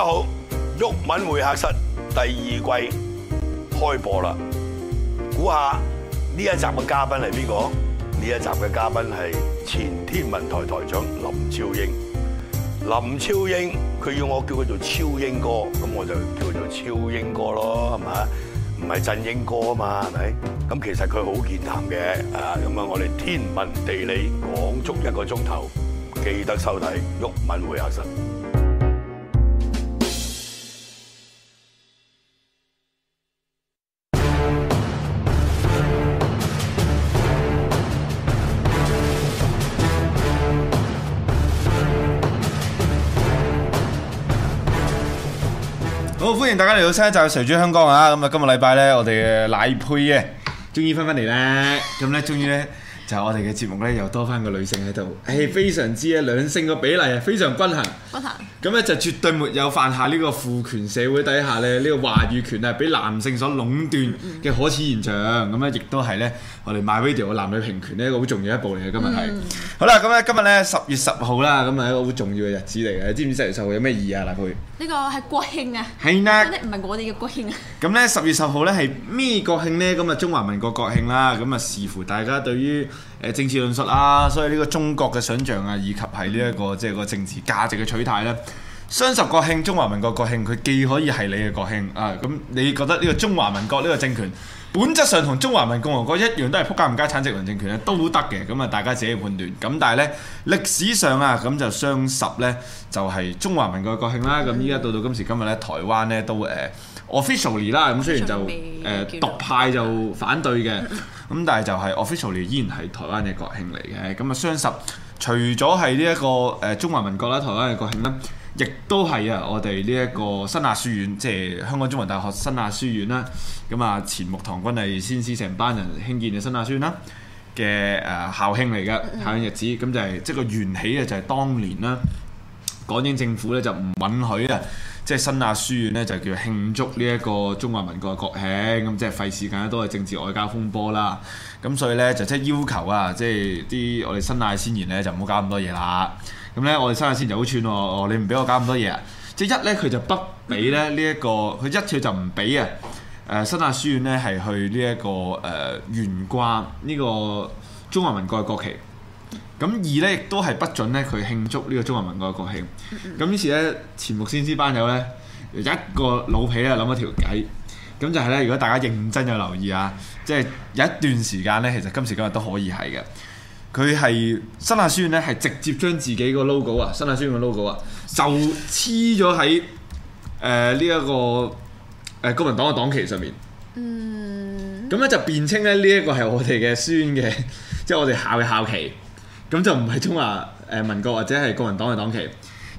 大家好，毓民會客室第二季開播啦！估下呢一集嘅嘉賓係邊個？呢一集嘅嘉賓係前天文台台長林超英，英。林超英，佢要我叫佢做超英哥，咁我就叫做超英哥咯，係咪？唔係振英哥啊嘛，係咪？咁其實佢好健談嘅，啊，咁啊，我哋天文地理講足一個鐘頭，記得收睇毓民會客室。好，歡迎大家嚟到《誰主香江》啊！咁啊，今日禮拜咧，我哋嘅賴珮嘅終於翻翻嚟咧，咁咧終於咧就我哋嘅節目咧又多翻個女性喺度，誒，非常之啊，兩性個比例啊非常均衡，咁咧行就絕對沒有犯下呢個父權社會底下咧呢、這個話語權啊俾男性所壟斷嘅可恥現象，咁咧亦都係咧我哋 My Radio 嘅男女平權呢，一個好重要一步嚟嘅今日係，嗯、好啦，咁咧今日呢10 10日咧十月十號啦，咁啊一個好重要嘅日子嚟嘅，你知唔知十月十號有咩意思啊？賴珮？呢個係國慶啊！係啦，唔係我哋嘅國慶啊！咁呢，十月十號呢係咩國慶呢？咁啊中華民國國慶啦！咁啊視乎大家對於誒政治論述啊，所以呢個中國嘅想像啊，以及係呢一個即係個政治價值嘅取態咧。雙十國慶，中華民國國慶，佢既可以係你嘅國慶啊！咁你覺得呢個中華民國呢個政權，本質上同中華民共和國一樣，都係撲街唔加產殖民政權咧，都得嘅。咁啊，大家自己判斷。咁但係呢，歷史上啊，咁就雙十呢，就係中華民國嘅國慶啦。咁依家到到今時今日呢，台灣呢都誒 officially 啦，咁雖然就誒獨派就反對嘅，咁但係就係 officially 依然係台灣嘅國慶嚟嘅。咁啊，雙十除咗係呢一個誒中華民國啦，台灣嘅國慶啦。亦都係啊！我哋呢一個新亞書院，即係香港中文大學新亞書院啦。咁啊，錢穆唐君係先師成班人興建嘅新亞書院啦嘅誒校慶嚟嘅、嗯、校慶日子，咁就係、是、即係個緣起啊，就係當年啦，港英政府咧就唔允許啊，即係新亞書院咧就叫慶祝呢一個中華民國嘅國慶，咁即係費事都係政治外交風波啦。咁所以咧就即、是、係要求啊，即係啲我哋新亞先賢咧就唔好搞咁多嘢啦。咁咧，我哋新亞先就好串喎，你唔俾我搞咁多嘢啊！即係一咧，佢就不俾咧呢一個，佢一佢就唔俾啊！誒、呃，新亞書院咧係去呢、這、一個誒懸掛呢個中華民國嘅國旗。咁二咧，亦都係不准咧佢慶祝呢個中華民國嘅國慶。咁於是咧，錢穆先生班友咧，一個老皮咧諗一條計。咁就係咧，如果大家認真有留意啊，即、就、係、是、有一段時間咧，其實今時今日都可以係嘅。佢係新亞書院咧，係直接將自己個 logo，的 logo，就在、呃這個 logo 啊，新亞書院嘅 logo 啊，就黐咗喺誒呢一個誒國民黨嘅黨旗上面。嗯。咁咧就辯稱咧呢一、這個係我哋嘅書院嘅，即、就、係、是、我哋校嘅校旗。咁就唔係中華誒民國或者係國民黨嘅黨旗。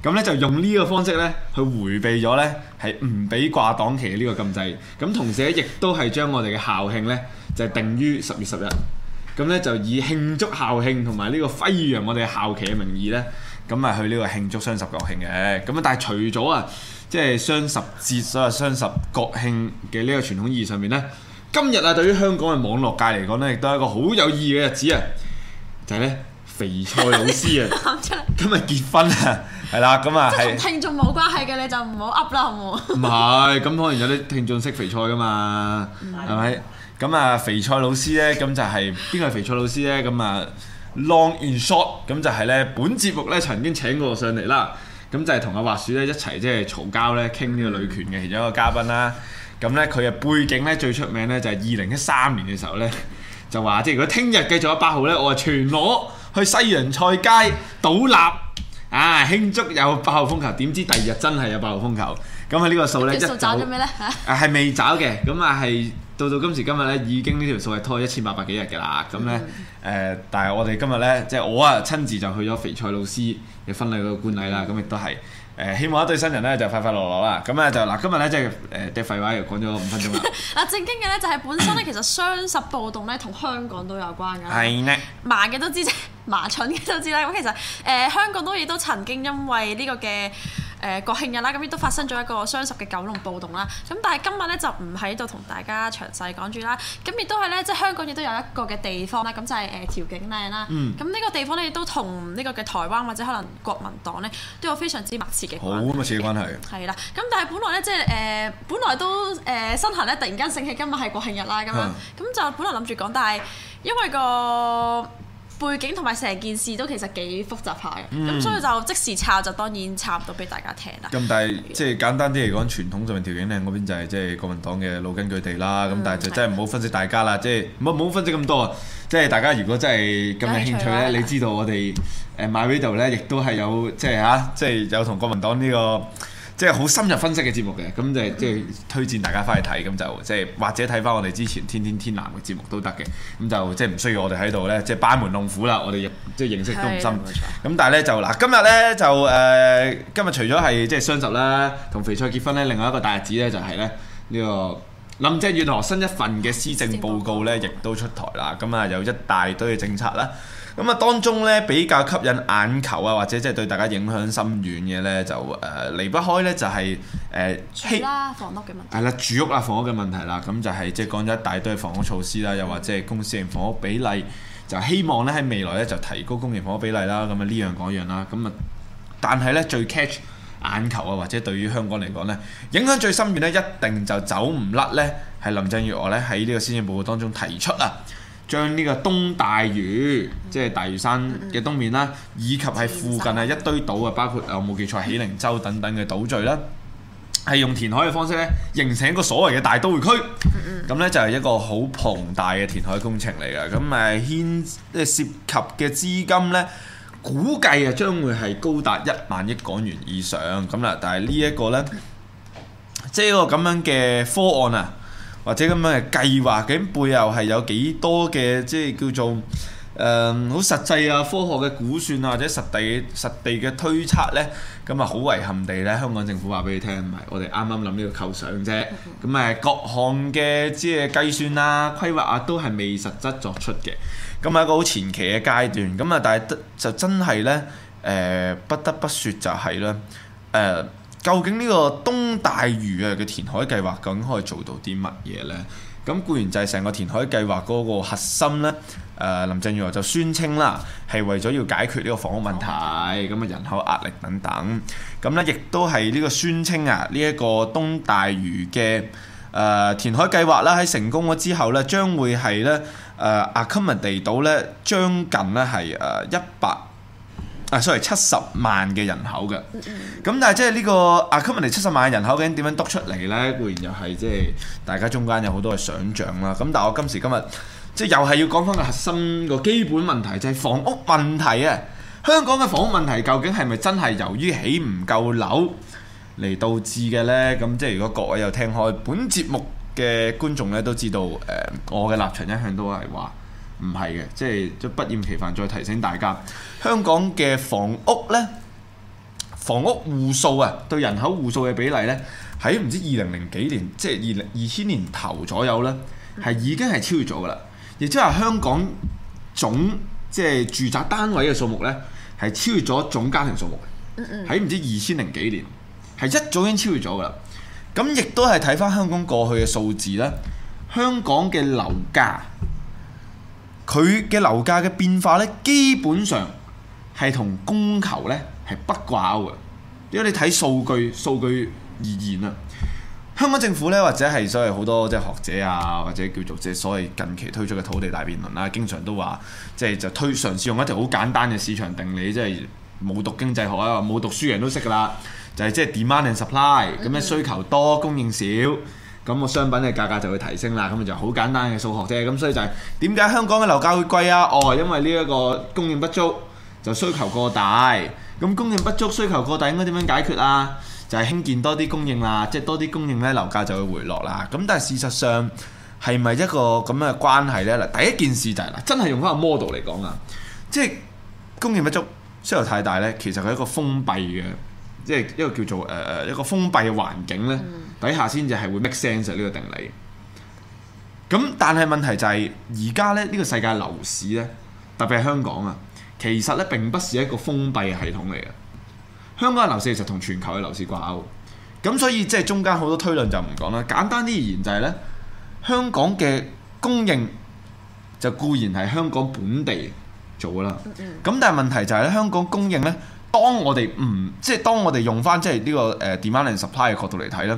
咁咧就用呢個方式咧去迴避咗咧係唔俾掛黨旗嘅呢個禁制。咁同時咧亦都係將我哋嘅校慶咧就定於十月十一。咁咧就以慶祝校慶同埋呢個輝揚我哋校旗嘅名義呢，咁啊去呢個慶祝雙十國慶嘅。咁啊，但係除咗啊，即係雙十節啊、所謂雙十國慶嘅呢個傳統意義上面呢，今日啊對於香港嘅網絡界嚟講呢，亦都係一個好有意義嘅日子啊！就係呢，肥菜老師啊，今日結婚啊，係啦， 咁啊，同聽眾冇關係嘅你就唔好 up 啦，好唔好？唔係，咁可能有啲聽眾識肥菜噶嘛，係咪？咁啊，肥菜老師呢？咁就係邊個係肥菜老師呢？咁啊，long and short，咁就係呢本節目呢曾經請過我上嚟啦，咁就係同阿滑鼠呢一齊即係嘈交呢傾呢個女權嘅其中一個嘉賓啦。咁呢，佢嘅背景呢最出名呢就係二零一三年嘅時候呢，就話即係如果聽日繼續有八號呢，我啊全裸去西洋菜街倒立啊慶祝有八號風球。點知第二日真係有八號風球，咁啊呢個數呢，數呢一走，呢係、啊、未找嘅，咁啊係。到到今時今日咧，已經呢條數係拖一千八百幾日嘅啦。咁咧，誒、嗯呃，但係我哋今日咧，即係我啊，親自就去咗肥菜老師嘅婚禮個觀禮啦。咁亦、嗯、都係誒、呃，希望一對新人咧就快快樂樂，樂了、嗯、啦。咁啊就嗱、是，今日咧即係誒啲廢話又講咗五分鐘啦。嗱，正經嘅咧就係本身咧，其實雙十暴動咧同香港都有關㗎。係咧， 麻嘅都知啫，麻蠢嘅都知啦。咁其實誒、呃，香港都亦都曾經因為呢個嘅。誒國慶日啦，咁亦都發生咗一個雙十嘅九龍暴動啦，咁但係今日咧就唔喺度同大家詳細講住啦，咁亦都係咧即係香港亦都有一個嘅地方啦，咁就係、是、誒調景嶺啦，咁呢、嗯、個地方咧亦都同呢個嘅台灣或者可能國民黨咧都有非常之密切嘅關係。好密切嘅關係的。係啦的，咁但係本來咧即係誒，本來都誒新行咧突然間醒起今日係國慶日啦，咁樣，咁就本來諗住講，但係因為個背景同埋成件事都其實幾複雜下嘅，咁、嗯、所以就即時查就當然查唔到俾大家聽啦。咁、嗯、但係即係簡單啲嚟講，嗯、傳統上面調景嶺嗰邊就係即係國民黨嘅老根據地啦。咁、嗯、但係就真係唔好分析大家啦，即係唔好分析咁多啊。即、就、係、是、大家如果真係咁有興趣咧，你知道我哋誒 MyRadio 咧亦都係有即係吓，即、就、係、是啊就是、有同國民黨呢、這個。即係好深入分析嘅節目嘅，咁就即係推薦大家翻去睇，咁就即係或者睇翻我哋之前天天天藍嘅節目都得嘅，咁就即係唔需要我哋喺度呢，即係班門弄斧啦，我哋亦即係認識都唔深。咁的但係呢，就嗱，今日呢，就誒、呃，今日除咗係即係雙十啦，同肥菜結婚呢，另外一個大日子呢、就係，就係呢。呢個林鄭月娥新一份嘅施政報告呢，亦都出台啦，咁啊有一大堆嘅政策啦。咁啊，當中咧比較吸引眼球啊，或者即係對大家影響深遠嘅咧，就誒離不開咧、就是，就係誒，住啦，房屋嘅問題，係啦，住屋啊，房屋嘅問題啦，咁就係即係講咗一大堆房屋措施啦，又或者係公營型房屋比例，就希望咧喺未來咧就提高公營房屋比例啦，咁啊呢樣嗰樣啦，咁啊，但係咧最 catch 眼球啊，或者對於香港嚟講咧，影響最深遠咧，一定就走唔甩咧，係林鄭月娥咧喺呢個施政報告當中提出啊。將呢個東大嶼，即係大嶼山嘅東面啦，以及係附近係一堆島啊，包括有冇記錯，喜靈洲等等嘅島嶼啦，係用填海嘅方式咧，形成一個所謂嘅大都會區。咁咧就係一個好龐大嘅填海工程嚟㗎。咁誒牽涉涉及嘅資金咧，估計啊將會係高達一萬億港元以上咁啦。但係呢一個咧，即係一個咁樣嘅方案啊，或者咁樣嘅計劃究竟背後係有幾多嘅即係叫做誒好、呃、實際啊科學嘅估算啊或者實地實地嘅推測呢？咁啊好遺憾地呢，香港政府話俾你聽，唔係我哋啱啱諗呢個構想啫，咁誒各項嘅即係計算啦、啊、規劃啊，都係未實質作出嘅，咁係一個好前期嘅階段。咁啊，但係就真係呢，誒、呃，不得不說就係咧誒。呃究竟呢個東大嶼啊嘅填海計劃，究竟可以做到啲乜嘢呢？咁固然就係成個填海計劃嗰個核心呢、呃。林鄭月娥就宣稱啦，係為咗要解決呢個房屋問題，咁啊人口壓力等等。咁呢亦都係呢個宣稱啊，呢、這、一個東大嶼嘅填海計劃啦、啊，喺成功咗之後呢，將會係呢誒、呃、Accommodation 島將近呢係誒一百。啊，所謂七十萬嘅人口嘅，咁但係即係呢、這個亞庫文地七十萬嘅人口究竟點樣篤出嚟呢？固然又係即係大家中間有好多嘅想像啦。咁但係我今時今日即係又係要講翻個核心個基本問題，就係、是、房屋問題啊！香港嘅房屋問題究竟係咪真係由於起唔夠樓嚟導致嘅呢？咁即係如果各位有聽開本節目嘅觀眾呢，都知道誒、呃，我嘅立場一向都係話。唔係嘅，即係就不厭其煩再提醒大家，香港嘅房屋咧，房屋戶數啊，對人口戶數嘅比例咧，喺唔知二零零幾年，即係二零二千年頭左右啦，係已經係超越咗㗎喇。亦即係香港總即係住宅單位嘅數目咧，係超越咗總家庭數目。喺唔知二千零幾年，係一早已經超越咗㗎喇。咁亦都係睇翻香港過去嘅數字啦，香港嘅樓價。佢嘅樓價嘅變化咧，基本上係同供求咧係不掛鈎嘅，因為你睇數據，數據而言啦。香港政府咧，或者係所謂好多即係學者啊，或者叫做即係所謂近期推出嘅土地大辯論啦，經常都話即係就推嘗試用一條好簡單嘅市場定理，即係冇讀經濟學啊，冇讀書人都識㗎啦，就係、是、即係 demand and supply，咁樣需求多，供應少。咁個商品嘅價格就會提升啦，咁咪就好簡單嘅數學啫。咁所以就係點解香港嘅樓價會貴啊？哦，因為呢一個供應不足，就需求過大。咁供應不足、需求過大，應該點樣解決啊？就係興建多啲供應啦，即係多啲供應呢，樓價就會回落啦。咁但係事實上係咪一個咁樣嘅關係呢？嗱，第一件事就係嗱，真係用翻個 model 嚟講啊，即係供應不足、需求太大呢，其實佢係一個封閉嘅。即係一個叫做誒、呃、一個封閉嘅環境咧，底下先至係會 make sense 呢、呢個定理。咁但係問題就係而家咧呢、呢個世界樓市咧，特別係香港啊，其實咧並不是一個封閉嘅系統嚟嘅。香港嘅樓市其實同全球嘅樓市掛鈎，咁所以即係中間好多推論就唔講啦。簡單啲而言就係咧，香港嘅供應就固然係香港本地做啦。咁、嗯嗯、但係問題就係咧，香港供應咧。當我哋唔即係當我哋用翻即係呢個誒 demand and supply 嘅角度嚟睇咧，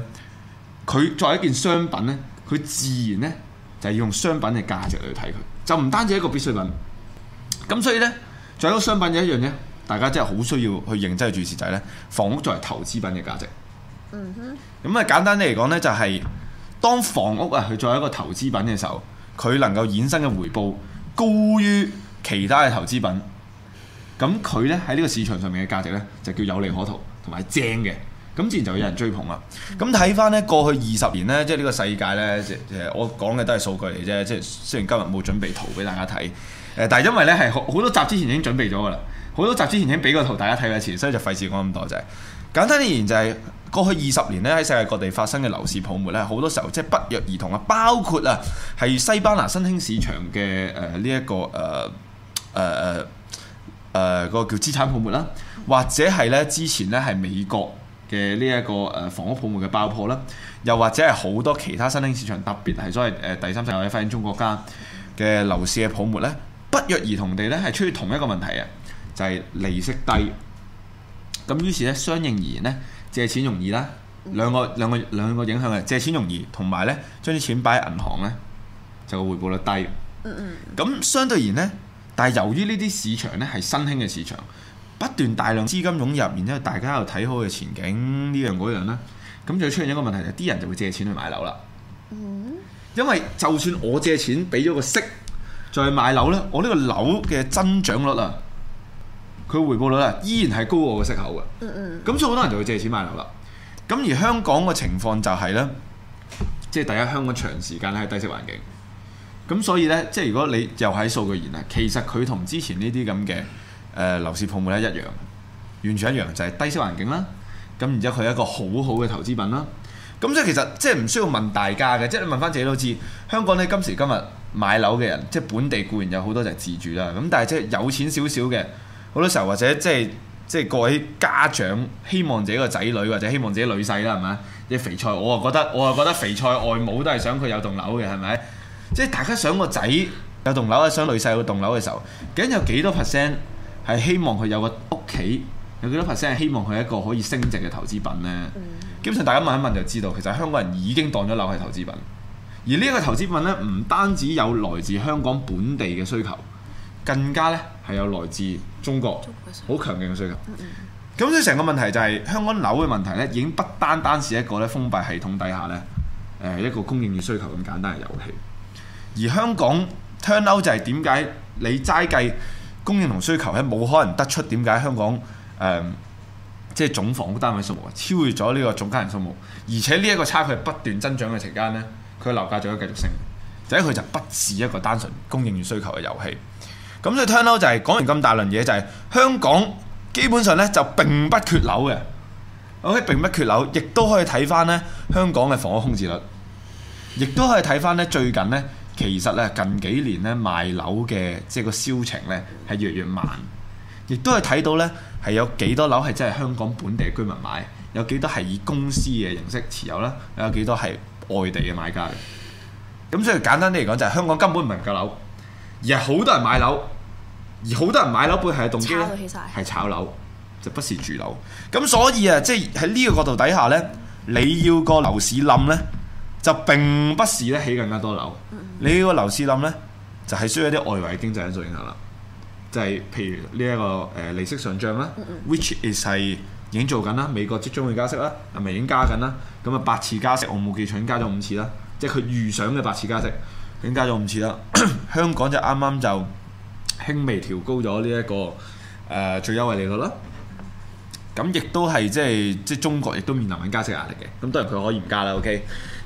佢作為一件商品咧，佢自然咧就係要用商品嘅價值嚟睇佢，就唔單止係一個必需品。咁所以咧，作為一個商品有一樣嘢，大家真係好需要去認真去注視就係咧，房屋作為投資品嘅價值。嗯哼。咁啊簡單啲嚟講咧，就係當房屋啊，佢作為一個投資品嘅時候，佢能夠衍生嘅回報高於其他嘅投資品。咁佢呢喺呢個市場上面嘅價值呢，就叫有利可圖同埋正嘅，咁自然就有人追捧啦。咁睇翻呢過去二十年呢，即係呢個世界呢，誒我講嘅都係數據嚟啫。即係雖然今日冇準備圖俾大家睇，但係因為呢係好好多集之前已經準備咗噶啦，好多集之前已經俾個圖大家睇嘅前，所以就費事講咁多就係、是、簡單啲言就係、是、過去二十年呢，喺世界各地發生嘅樓市泡沫呢，好多時候即係、就是、不約而同啊，包括啊係西班牙新興市場嘅誒呢一個誒誒。呃呃誒、呃那個叫資產泡沫啦，或者係咧之前咧係美國嘅呢一個誒房屋泡沫嘅爆破啦，又或者係好多其他新興市場，特別係所謂誒第三世界發展中國家嘅樓市嘅泡沫咧，不約而同地咧係出現同一個問題啊，就係、是、利息低。咁於是咧，相應而言咧，借錢容易啦，兩個兩個兩個影響係借錢容易，同埋咧將啲錢擺喺銀行咧就回報率低。嗯嗯，咁相對而言咧。但係由於呢啲市場呢係新興嘅市場，不斷大量資金湧入，然之後大家又睇好嘅前景呢樣嗰樣啦，咁就出現一個問題就係啲人就會借錢去買樓啦。因為就算我借錢俾咗個息，再買樓呢，我呢個樓嘅增長率啊，佢回報率啊，依然係高過個息口嘅。嗯嗯。咁所以好多人就會借錢買樓啦。咁而香港嘅情況就係呢，即係大家香港長時間咧喺低息環境。咁所以呢，即係如果你又喺數據源啊，其實佢同之前呢啲咁嘅誒樓市泡沫一樣，完全一樣，就係低息環境啦。咁然之後佢係一個好好嘅投資品啦。咁即係其實即係唔需要問大家嘅，即係你問翻自己都知。香港呢今時今日買樓嘅人，即係本地固然有好多就係自住啦。咁但係即係有錢少少嘅，好多時候或者即係即係各位家長希望自己個仔女或者希望自己女婿啦，係咪？啲肥菜我又覺得我又覺得肥菜外母都係想佢有棟樓嘅，係咪？即係大家想個仔有棟樓，啊想女婿有棟樓嘅時候，究竟有幾多 percent 係希望佢有個屋企？有幾多 percent 係希望佢係一個可以升值嘅投資品呢？嗯、基本上大家問一問就知道，其實香港人已經當咗樓係投資品。而呢一個投資品呢，唔單止有來自香港本地嘅需求，更加呢係有來自中國好強勁嘅需求。咁、嗯嗯、所以成個問題就係、是、香港樓嘅問題呢，已經不單單是一個咧封閉系統底下呢，誒一個供應與需求咁簡單嘅遊戲。而香港 turn out 就係點解你齋計供應同需求，係冇可能得出點解香港誒即係總房屋單位數目超越咗呢個總家人數目，而且呢一個差距不斷增長嘅期間呢，佢樓價仲有繼續升，就係佢就不是一個單純供應與需求嘅遊戲。咁所以 turn out 就係講完咁大輪嘢，就係香港基本上呢就並不缺樓嘅。OK，並不缺樓，亦都可以睇翻呢香港嘅房屋空置率，亦都可以睇翻呢最近呢。其實咧，近幾年咧賣樓嘅即係個銷情咧係越來越慢，亦都係睇到咧係有幾多樓係真係香港本地居民買，有幾多係以公司嘅形式持有啦，有幾多係外地嘅買家嘅。咁所以簡單啲嚟講，就係、是、香港根本唔係夠樓，而係好多人買樓，而好多人買樓背後嘅動機咧係炒樓，就不是住樓。咁所以啊，即係喺呢個角度底下咧，你要個樓市冧咧？就並不是咧起更加多樓，你呢個樓市冧咧就係、是、需要一啲外圍的經濟因素影響啦。就係、是、譬如呢、這、一個誒、呃、利息上漲啦、嗯嗯、，which is 係已經在做緊啦，美國即將會加息啦，啊咪已經加緊啦。咁啊八次加息，我冇記錯已經加咗五次啦。即係佢預想嘅八次加息已經加咗五次啦。 香港就啱啱就輕微調高咗呢一個誒、呃、最優惠利率啦。咁亦都係即係即係中國亦都面臨緊加息壓力嘅。咁當然佢可以唔加啦，OK。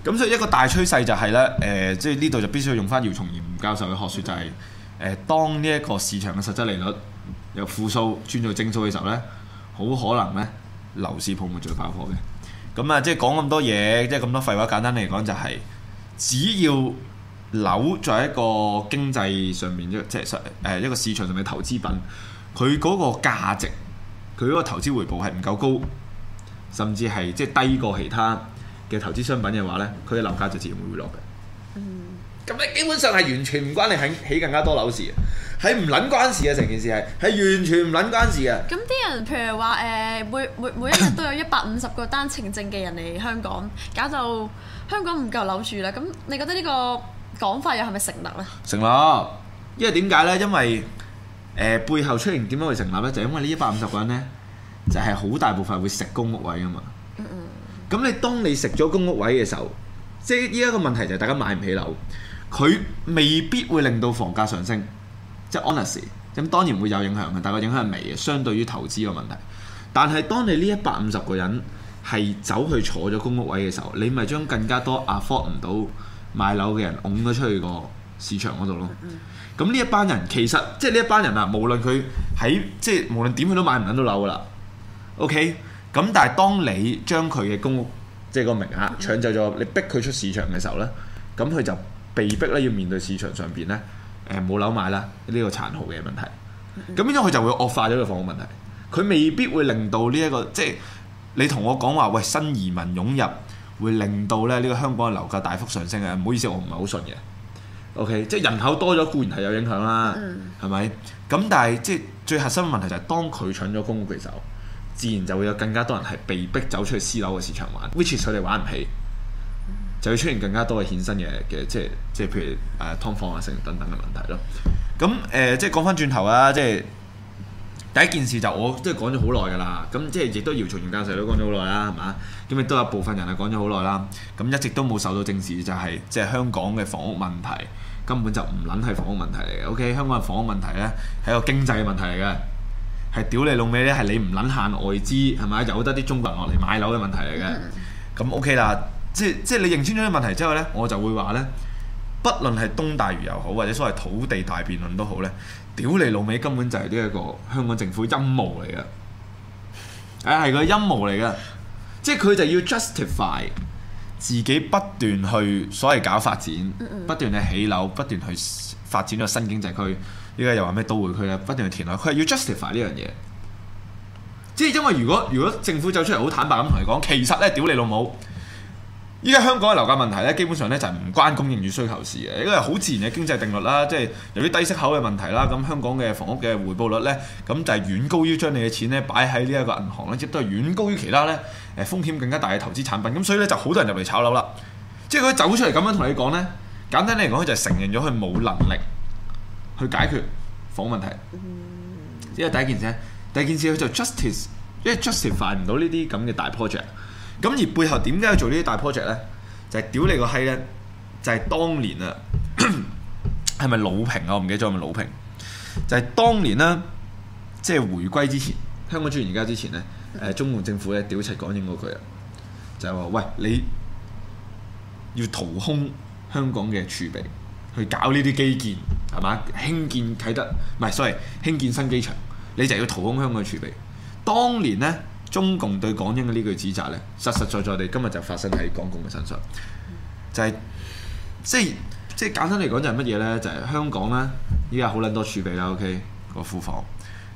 咁所以一個大趨勢就係、是、咧，誒、呃，即係呢度就必須要用翻姚松賢教授嘅學説、就是，就係誒，當呢一個市場嘅實質利率由負數轉做正數嘅時候咧，好可能咧樓市泡沫就會爆破嘅。咁啊，即係講咁多嘢，即係咁多廢話。簡單嚟講、就是，就係只要樓在一個經濟上面即係即係誒一個市場上面嘅投資品，佢嗰個價值佢嗰個投資回報係唔夠高，甚至係即係低過其他。嘅投資商品嘅話呢，佢嘅樓價就自然會回落嘅。嗯，咁你基本上係完全唔關你喺起更加多樓事，係唔撚關事嘅，成件事係，係完全唔撚關事嘅。咁啲人譬如話誒、呃，每每每一日都有一百五十個單程證嘅人嚟香港， 搞到香港唔夠樓住啦。咁你覺得呢個講法又係咪成立呢？成立，因為點解呢？因為、呃、背後出現點樣會成立呢？就因為呢一百五十個人呢，就係、是、好大部分會食公屋位啊嘛。嗯嗯。咁你當你食咗公屋位嘅時候，即係呢家個問題就係大家買唔起樓，佢未必會令到房價上升，即係 onus。咁當然會有影響嘅，但個影響係微嘅，相對於投資個問題。但係當你呢一百五十個人係走去坐咗公屋位嘅時候，你咪將更加多 afford 唔到買樓嘅人拱咗出去個市場嗰度咯。咁呢 一班人其實即係呢一班人啊，無論佢喺即係無論點佢都買唔到到樓噶啦。OK。咁但係當你將佢嘅公屋，即係個名額搶走咗，你逼佢出市場嘅時候呢，咁佢就被逼咧要面對市場上邊呢，誒冇樓買啦，呢個殘酷嘅問題。咁依家佢就會惡化咗個房屋問題，佢未必會令到呢一個即係你同我講話，喂新移民湧入會令到咧呢個香港嘅樓價大幅上升呀。唔好意思，我唔係好信嘅。OK，即係人口多咗固然係有影響啦，嗯，係咪？咁但係即係最核心嘅問題就係當佢搶咗公屋嘅時候。自然就會有更加多人係被逼走出去私樓嘅市場玩 ，which 佢哋玩唔起，就會出現更加多嘅衍生嘅嘅，即係即係譬如誒劏房啊，成等等嘅問題咯。咁誒即係講翻轉頭啦，即係第一件事就我即係講咗好耐㗎啦，咁即係亦都姚松炎教授都講咗好耐啦，係嘛？咁亦都有部分人係講咗好耐啦，咁一直都冇受到正視，就是，就係即係香港嘅房屋問題根本就唔撚係房屋問題嚟嘅。O、okay? K. 香港嘅房屋問題咧係個經濟嘅問題嚟嘅。係屌你老味，咧，係你唔撚限外資係咪？有得啲中國人落嚟買樓嘅問題嚟嘅。咁、mm. OK 啦，即係即係你認清咗呢個問題之後呢，我就會話呢：「不論係明日大嶼又好，或者所謂土地大辯論都好呢，屌你、mm. 老味根本就係呢一個香港政府陰謀嚟嘅。誒係個陰謀嚟嘅，即係佢就要 justify 自己不斷去所謂搞發展，不斷去起樓，不斷去發展個新經濟區。依家又話咩都會區咧，不斷去填落，佢係要 justify 呢樣嘢，即係因為如果如果政府走出嚟好坦白咁同你講，其實咧屌你老母，依家香港嘅樓價問題咧，基本上咧就係唔關供應與需求事嘅，呢個係好自然嘅經濟定律啦。即係由於低息口嘅問題啦，咁香港嘅房屋嘅回報率咧，咁就係遠高於將你嘅錢咧擺喺呢一個銀行咧，亦都係遠高於其他咧誒風險更加大嘅投資產品。咁所以咧就好多人入嚟炒樓啦。即係佢走出嚟咁樣同你講咧，簡單嚟講，佢就係承認咗佢冇能力。去解決房問，問題，呢個第一件事。第二件事佢就 justice，因為 justice 辦唔到呢啲咁嘅大 project。咁而背後點解要做這些呢啲大 project 咧？就係屌你個閪咧！就係、是、當年啊，係咪老平啊？我唔記得咗係咪老平。就係、是、當年啦，即、就、係、是、回歸之前，香港轉而家之前咧，誒中共政府咧屌柒港英嗰句啊，就係、是、話：喂，你要掏空香港嘅儲備去搞呢啲基建。係嘛？興建啟德唔係 sorry，興建新機場，你就要掏空香港嘅儲備。當年呢，中共對港英嘅呢句指責呢，實實在在地今日就發生喺港共嘅身上，就係、即係、即即簡單嚟講就係乜嘢呢？就係、係、香港呢，依家好撚多儲備啦。OK，個庫房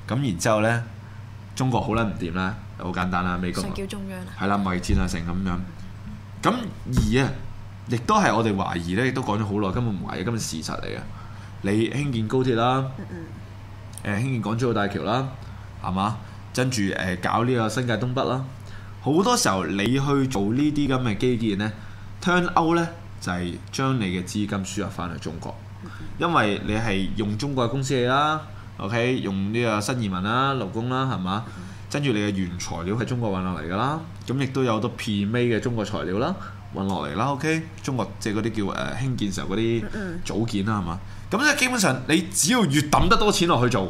咁，然之後呢，中國好撚唔掂啦，好簡單啦，美國叫中央係啦，咪戰啊成咁樣咁而啊，亦都係我哋懷疑呢，亦都講咗好耐，根本唔懷疑，根本係事實嚟嘅。你興建高鐵啦，誒、嗯嗯呃、興建港珠澳大橋啦，係嘛？跟住誒搞呢個新界東北啦，好多時候你去做呢啲咁嘅基建呢 turn out 呢，就係、是、將你嘅資金輸入翻去中國，因為你係用中國嘅公司嚟啦，OK？用呢個新移民啦、勞工啦，係嘛？跟住你嘅原材料喺中國運落嚟㗎啦，咁亦都有好多 PMA 嘅中國材料啦，運落嚟啦，OK？中國即係嗰啲叫誒、呃、興建時候嗰啲組件啦，係嘛？嗯嗯咁即基本上，你只要越抌得多錢落去做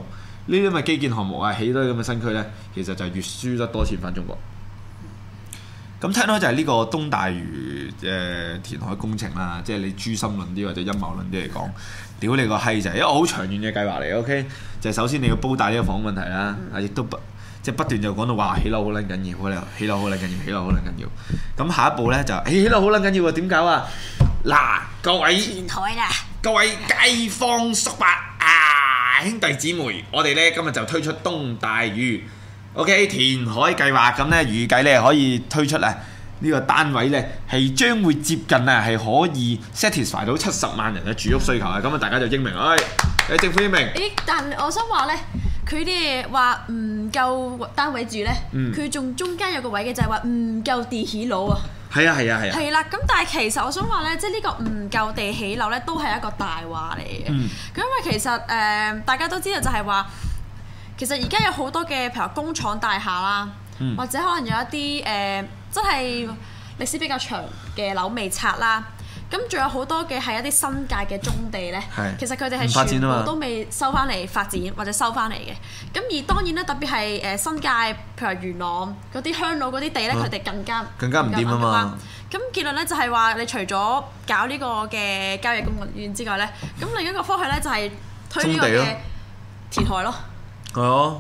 呢啲咁嘅基建項目啊，起多啲咁嘅新區咧，其實就越輸得多錢翻中國。咁、嗯、聽開就係呢個東大漁東大嶼誒、呃、填海工程啦，即係你誅心論啲或者陰謀論啲嚟講，屌你個閪仔，一個好長遠嘅計劃嚟，OK？就係首先你要煲大呢個房問題啦，啊、嗯，亦都不即係、就是、不斷就講到哇，起樓好撚緊要，好起樓好撚緊要，起樓好撚緊要。咁下一步咧就，起樓好撚緊要喎？點搞啊？嗱，各位，前台啦。各位街坊叔伯啊，兄弟姊妹，我哋咧今日就推出東大嶼 O.K. 填海計劃，咁咧預計咧可以推出啊呢、這個單位咧係將會接近啊係可以 satisfy 到七十萬人嘅住屋需求，咁啊大家就英明啊，誒、哎哎、政府英明。誒，但我想話咧，佢哋話唔夠單位住咧，佢仲、嗯、中間有個位嘅就係話唔夠地起樓。啊。係啊係啊係啊！係啦、啊，咁、啊啊、但係其實我想話咧，即係呢個唔夠地起樓咧，都係一個大話嚟嘅。咁、嗯、因為其實誒、呃，大家都知道就係話，其實而家有好多嘅譬如話工廠大廈啦，嗯、或者可能有一啲誒、呃，真係歷史比較長嘅樓未拆啦。咁仲有好多嘅係一啲新界嘅棕地咧，是其實佢哋係全部都未收翻嚟發展發或者收翻嚟嘅。咁而當然咧，特別係誒新界譬如元朗嗰啲鄉老嗰啲地咧，佢哋更加、嗯、更加唔掂啊！咁結論咧就係話，你除咗搞呢個嘅郊野公園之外咧，咁、啊、另一個方向咧就係推呢個嘅填海咯地。係啊，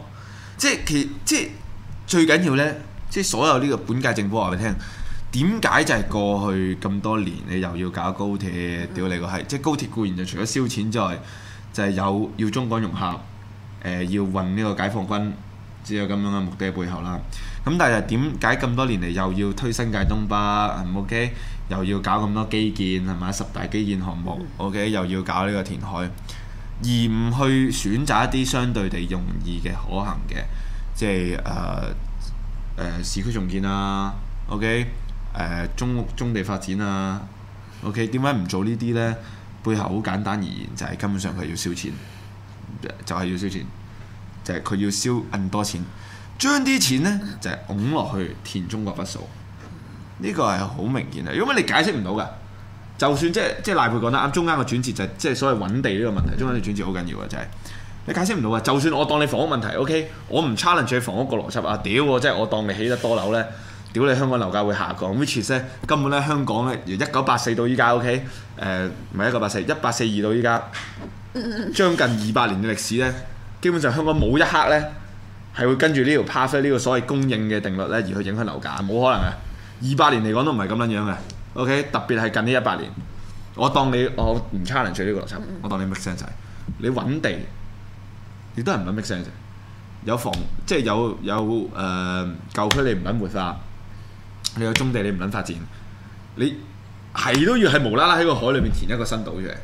即係其即係最緊要咧，即係所有呢個本屆政府話俾你聽。點解就係過去咁多年你又要搞高鐵屌你個閪？即係、嗯、高鐵固然就除咗燒錢之外，就係、是、有要中港融合，誒、呃、要運呢個解放軍，只有咁樣嘅目的背後啦。咁但係點解咁多年嚟又要推新界東北？O K，又要搞咁多基建係咪？十大基建項目 O、okay? K，又要搞呢個填海，而唔去選擇一啲相對地容易嘅可行嘅，即係誒誒市區重建啊？O K。Okay? 誒、呃、中屋中地發展啊，OK，點解唔做呢啲咧？背後好簡單，而言就係、是、根本上佢要燒錢，就係、是、要燒錢，就係、是、佢要燒咁多錢，將啲錢咧就係拱落去填中國不數，呢個係好明顯啊！因為你解釋唔到噶，就算即即賴珮講得啱，中間個轉折就係、是、即所謂揾地呢個問題，中間嘅轉折好緊要嘅，就係、是、你解釋唔到啊！就算我當你房屋問題，OK，我唔 challenge 房屋個邏輯啊！屌，我即我當你起得多樓咧。屌你香港樓價會下降，which is 咧根本咧香港咧，由一九八四到依家，O.K.，誒唔係一九八四，一八四二到依家，將近二百年嘅歷史咧，基本上香港冇一刻咧係會跟住呢條 path 呢個所謂供應嘅定律咧而去影響樓價，冇可能啊！二百年嚟講都唔係咁樣樣嘅，O.K.，特別係近呢一百年，我當你我唔 challenge 呢個邏輯， 我當你 make sense 你揾地亦都係唔 make sense 有房即係有有誒、呃、舊區你唔敢活化。你有棕地，你唔撚發展，你係都要係無啦啦喺個海裏面填一個新島出嚟，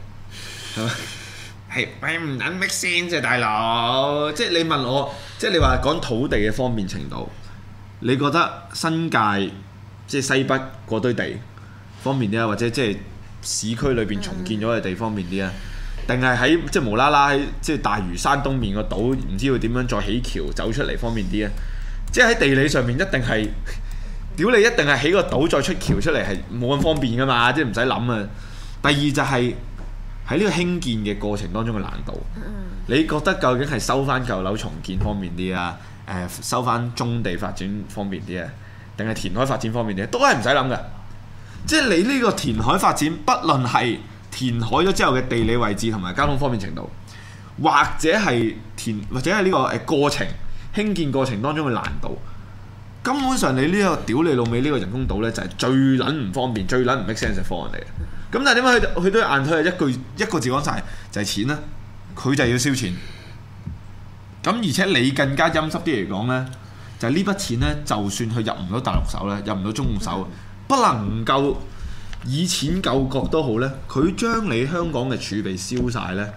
係咪？係唔撚 make sense 啫，大佬。即係你問我，即係你話講土地嘅方便程度，你覺得新界即係西北嗰堆地方便啲啊，或者即係市區裏邊重建咗嘅地方便啲啊，定係喺即係無啦啦喺即係大嶼山東面個島，唔知道要點樣再起橋走出嚟方便啲啊？即係喺地理上面一定係。屌你，一定係起個島再出橋出嚟係冇咁方便噶嘛？即係唔使諗啊！第二就係喺呢個興建嘅過程當中嘅難度。你覺得究竟係收翻舊樓重建方便啲啊？誒、呃，收翻棕地發展方便啲啊？定係填海發展方便啲？都係唔使諗嘅。即、就、係、是、你呢個填海發展，不論係填海咗之後嘅地理位置同埋交通方便程度，或者係填或者係呢個誒過程興建過程當中嘅難度。根本上，你呢個屌你老味呢個人工島呢，就係最撚唔方便、最撚唔 make sense 嘅方案嚟嘅。咁、hmm. 但係點解佢佢都硬推啊？一句一個字講晒，就係錢呢，佢就要燒錢。咁而且你更加陰濕啲嚟講呢，就係呢筆錢呢，就算佢入唔到大陸手咧，入唔到中共手，不能夠以錢救國都好呢。佢將你香港嘅儲備燒晒呢，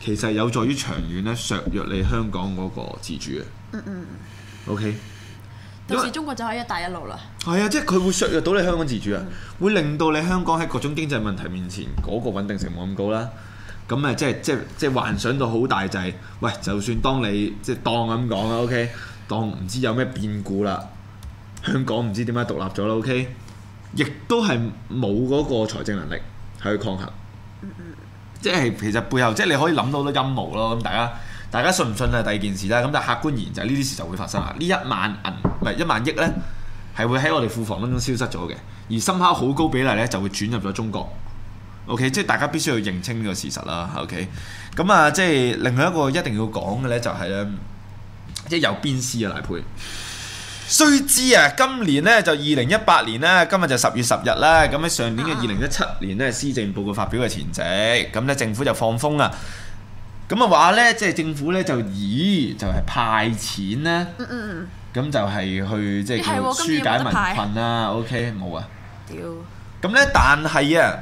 其實有助於長遠呢，削弱你香港嗰個自主嘅。嗯、mm。O K。到時中國就可以一帶一路啦。係啊，即係佢會削弱到你香港自主啊，嗯、會令到你香港喺各種經濟問題面前嗰、嗰個穩定性冇咁高啦。咁啊，即係即係即係幻想到好大就係、係，喂，就算當你即係當咁講啦，OK，當唔知有咩變故啦，香港唔知點解獨立咗啦，OK，亦都係冇嗰個財政能力係去抗衡。嗯、即係其實背後，即係你可以諗到好多陰謀咯。咁大家。大家信唔信係第二件事啦。咁但客觀而言就係呢啲事就會發生啦。呢一萬銀唔係一萬億呢，係會喺我哋庫房當中消失咗嘅。而深刻好高比例呢，就會轉入咗中國。OK，即係大家必須要認清呢個事實啦。OK，咁啊，即係另外一個一定要講嘅呢，就係呢，即係有邊絲啊，賴珮。須知啊，今年呢，就二零一八年啦，今日就十月十日啦。咁喺上年嘅二零一七年呢，施政報告發表嘅前夕，咁呢，政府就放風啦。咁啊話呢，即係政府呢就以，就係、是、派錢呢，咁、嗯嗯、就係去即係叫舒解民困啦。嗯嗯有有 OK，冇啊。屌掉了。咁、okay？呢，但係啊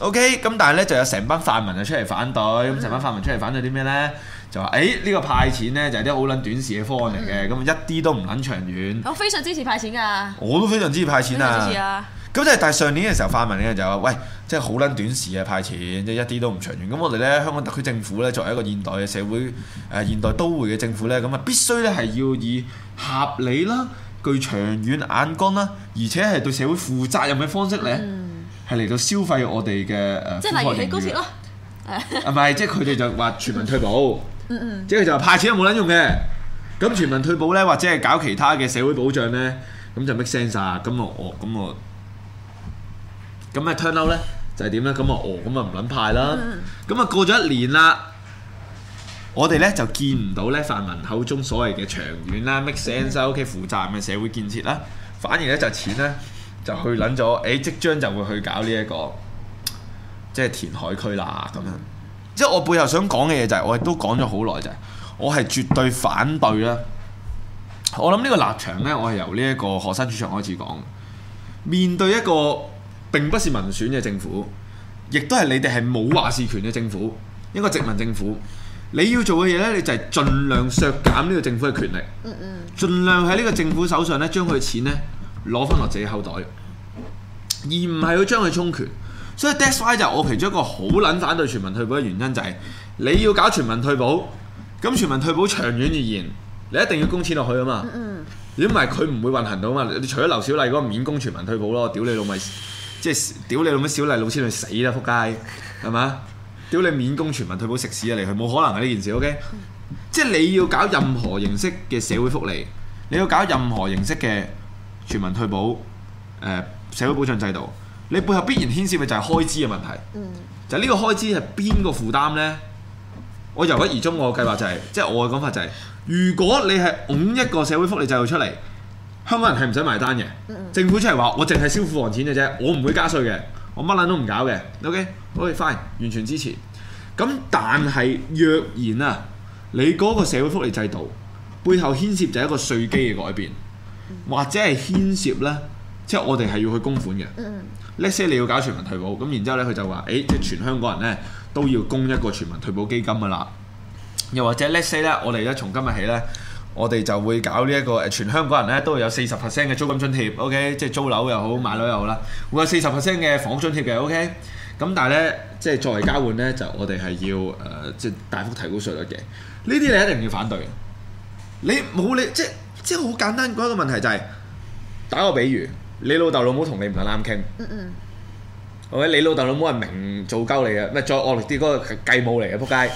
，OK，咁但係呢就有成班泛民就出嚟反對。咁成班泛民出嚟反對啲咩呢？就話誒呢個派錢呢，就係啲好撚短視嘅方案嚟嘅，咁、嗯嗯、一啲都唔撚長遠。我非常支持派錢噶、啊。我都非、啊、非常支持派錢啊。咁即係，但係上年嘅時候發文咧就話，喂，即係好撚短視啊，派錢即係一啲都唔長遠。咁我哋咧，香港特區政府咧，作為一個現代嘅社會，誒現代都會嘅政府咧，咁啊必須咧係要以合理啦、具長遠眼光啦，而且係對社會負責任嘅方式咧，係嚟、嗯、到消費我哋嘅誒。即係例如高鐵咯，誒。唔係，即係佢哋就話全民退保， 即係就話派錢又冇撚用嘅。咁全民退保咧，或者係搞其他嘅社會保障咧，咁就 make sense 啊，咁我，咁我。咁咪 turn out 咧，就係點咧？咁啊哦，咁啊唔撚派啦。咁啊過咗一年啦，我哋咧就見唔到咧，泛民口中所謂嘅長遠啦，make sense 啊，屋企負責任嘅社會建設啦，反而咧就錢咧就去撚咗。誒，即將就會去搞呢一個，即係填海區啦咁樣。即係我背後想講嘅嘢就係，我亦都講咗好耐就係，我係絕對反對啦。我諗呢個立場咧，我係由呢一個學生主場開始講。面對一個並不是民選嘅政府，亦都係你哋係冇話事權嘅政府，一個殖民政府。你要做嘅嘢呢，你就係盡量削減呢個政府嘅權力，盡量喺呢個政府手上呢將佢錢呢攞翻落自己口袋，而唔係要將佢充權。所以 that's why 就係我其中一個好撚反對全民退保嘅原因就係、是、你要搞全民退保，咁全民退保長遠而言，你一定要供錢落去啊嘛。如果唔係，佢唔會運行到嘛。你除咗劉小麗嗰個免供全民退保咯，我屌你老味！即係屌你老味小麗老師去死啦！撲街係嘛？屌 你免供全民退保食屎啊！你去冇可能啊！呢件事 OK，嗯、即係你要搞任何形式嘅社會福利，你要搞任何形式嘅全民退保、呃、社會保障制度，你背後必然牽涉嘅就係開支嘅問題。嗯，就呢個開支係邊個負擔呢？我由一而終我嘅計劃就係，即係我嘅講法就係，如果你係拱一個社會福利制度出嚟。香港人係唔使埋單嘅，政府出嚟話我淨係收庫房錢嘅啫，我唔會加稅嘅，我乜撚都唔搞嘅，OK？喂，OK，fine，完全支持。咁但係若然啊，你嗰個社會福利制度背後牽涉就係一個稅基嘅改變，或者係牽涉呢，即係我哋係要去供款嘅。嗯，let's say 你要搞全民退保，咁然之後呢，佢就話，誒即係全香港人呢，都要供一個全民退保基金㗎啦。又或者 let's say 咧，我哋而家從今日起呢。我哋就會搞呢、這、一個誒，全香港人咧都會有四十 percent 嘅租金津貼，OK，即係租樓又好，買樓又好啦，會有四十 percent 嘅房津貼嘅，OK。咁但係咧，即係作為交換咧、嗯呃，就我哋係要誒，即係大幅提高稅率嘅。呢啲你一定唔要反對。你冇你即係即係好簡單，嗰、那、一個問題就係、是、打個比喻，你老豆老母同你唔係啱傾，嗯嗯，係咪、OK? 你老豆老母係明做鳩你嘅，唔係再惡劣啲，嗰、那個係繼母嚟嘅，仆街，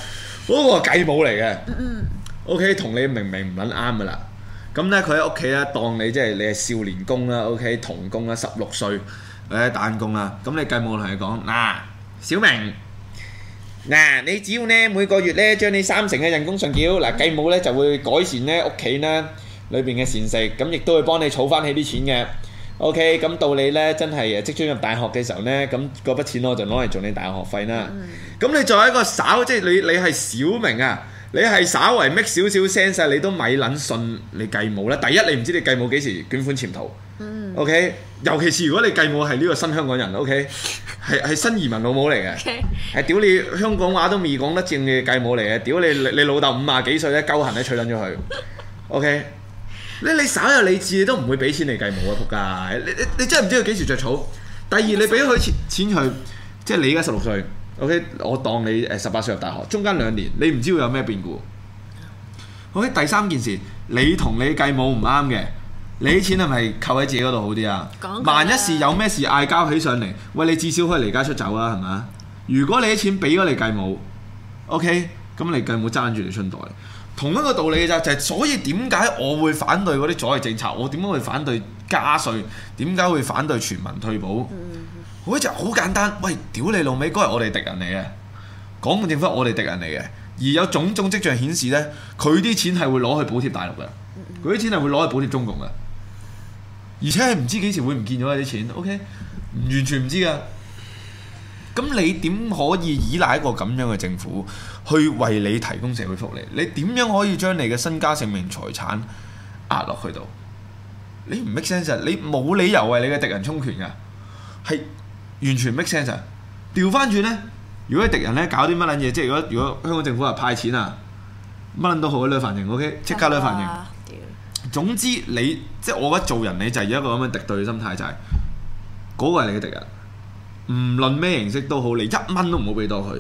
嗰、那個係繼母嚟嘅，嗯，嗯。O.K. 同你明明唔撚啱噶啦，咁咧佢喺屋企咧當你即係你係少年工啦，O.K. 童工啦，十六歲，誒打緊工啦，咁你繼母同佢講嗱，小明，嗱你只要咧每個月咧將你三成嘅人工上繳，嗱繼母咧就會改善咧屋企咧裏邊嘅膳食，咁亦都會幫你儲翻起啲錢嘅，O.K. 咁到你咧真係誒即將入大學嘅時候咧，咁嗰筆錢我就攞嚟做你大學費啦，咁你作為一個少，即係你你係小明啊。你係稍為搣少少聲勢，你都咪撚信你繼母咧？第一，你唔知你繼母幾時捲款潛逃。Mm. O、okay? K，尤其是如果你繼母係呢個新香港人，O K，係係新移民老母嚟嘅。O Okay .係屌你香港話都未講得正嘅繼母嚟嘅，屌你你，你老豆五廿幾歲咧，夠鳩行咧娶撚咗佢。O、okay? K，你你稍有理智，你都唔會俾錢你繼母呀，仆街！你你你真係唔知佢幾時着草。第二，你俾咗佢錢，錢佢，即係你而家十六歲。OK，我當你誒十八歲入大學，中間兩年你唔知會有咩變故。OK，第三件事，你同你繼母唔啱嘅，你啲錢係咪扣喺自己嗰度好啲啊？講，講，萬一是有咩事嗌交起上嚟，喂，你至少可以離家出走啊，係咪？如果你啲錢俾咗你繼母，O K，咁你繼母爭住嚟春袋，同一個道理嘅就係、是、所以點解我會反對嗰啲左翼政策？我點解會反對加稅？點解會反對全民退保？喂，就好簡單。喂，屌你老味，嗰係我哋敵人嚟嘅，港共政府係我哋敵人嚟嘅。而有種種跡象顯示呢，佢啲錢係會攞去補貼大陸嘅，佢啲錢係會攞去補貼中共嘅，而且係唔知幾時會唔見咗啲錢。OK，完全唔知噶。咁你點可以依賴一個咁樣嘅政府去為你提供社會福利？你點樣可以將你嘅身家性命財產壓落去度？你唔 make sense，你冇理由為你嘅敵人充權噶，係。完全 make sense 啊！調翻轉咧，如果啲敵人咧搞啲乜撚嘢，即係如果如果香港政府話派錢啊，乜撚都好，你都反應，OK？即刻都反應。啊、總之你即係我覺得做人你就係要一個咁嘅敵對嘅心態，就係、是、嗰個係你嘅敵人，唔論咩形式都好，你一蚊都唔好俾到佢。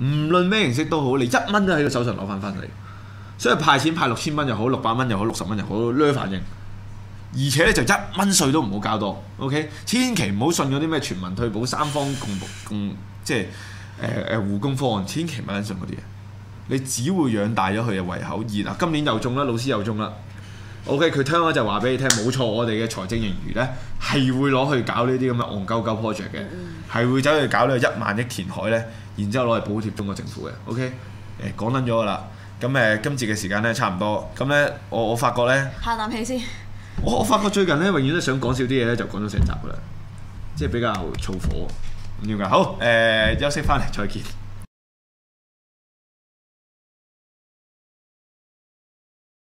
唔論咩形式都好，你一蚊都喺佢手上攞翻翻嚟。所以派錢派六千蚊又好，六百蚊又好，六十蚊又好，都呢啲煩。而且咧就一蚊稅都唔好交到。o、OK? k 千祈唔好信嗰啲咩全民退保三方共共即係誒誒護工方案，千祈唔好信嗰啲嘢。你只會養大咗佢嘅胃口。而啊，今年又中啦，老師又中啦。OK，佢聽我就話俾你聽，冇錯，我哋嘅財政盈餘咧係會攞去搞呢啲咁嘅戇鳩鳩 project 嘅，係、嗯、會走去搞呢個一萬億填海咧，然之後攞嚟補貼中國政府嘅。OK，誒、欸、講緊咗噶啦。咁誒今次嘅時間咧差唔多，咁咧我我發覺咧，下啖氣先。我、哦、我發覺最近咧，永遠都想講少啲嘢咧，就講咗成集啦，即係比較燥火咁樣噶。好，誒、呃，休息翻嚟，再見。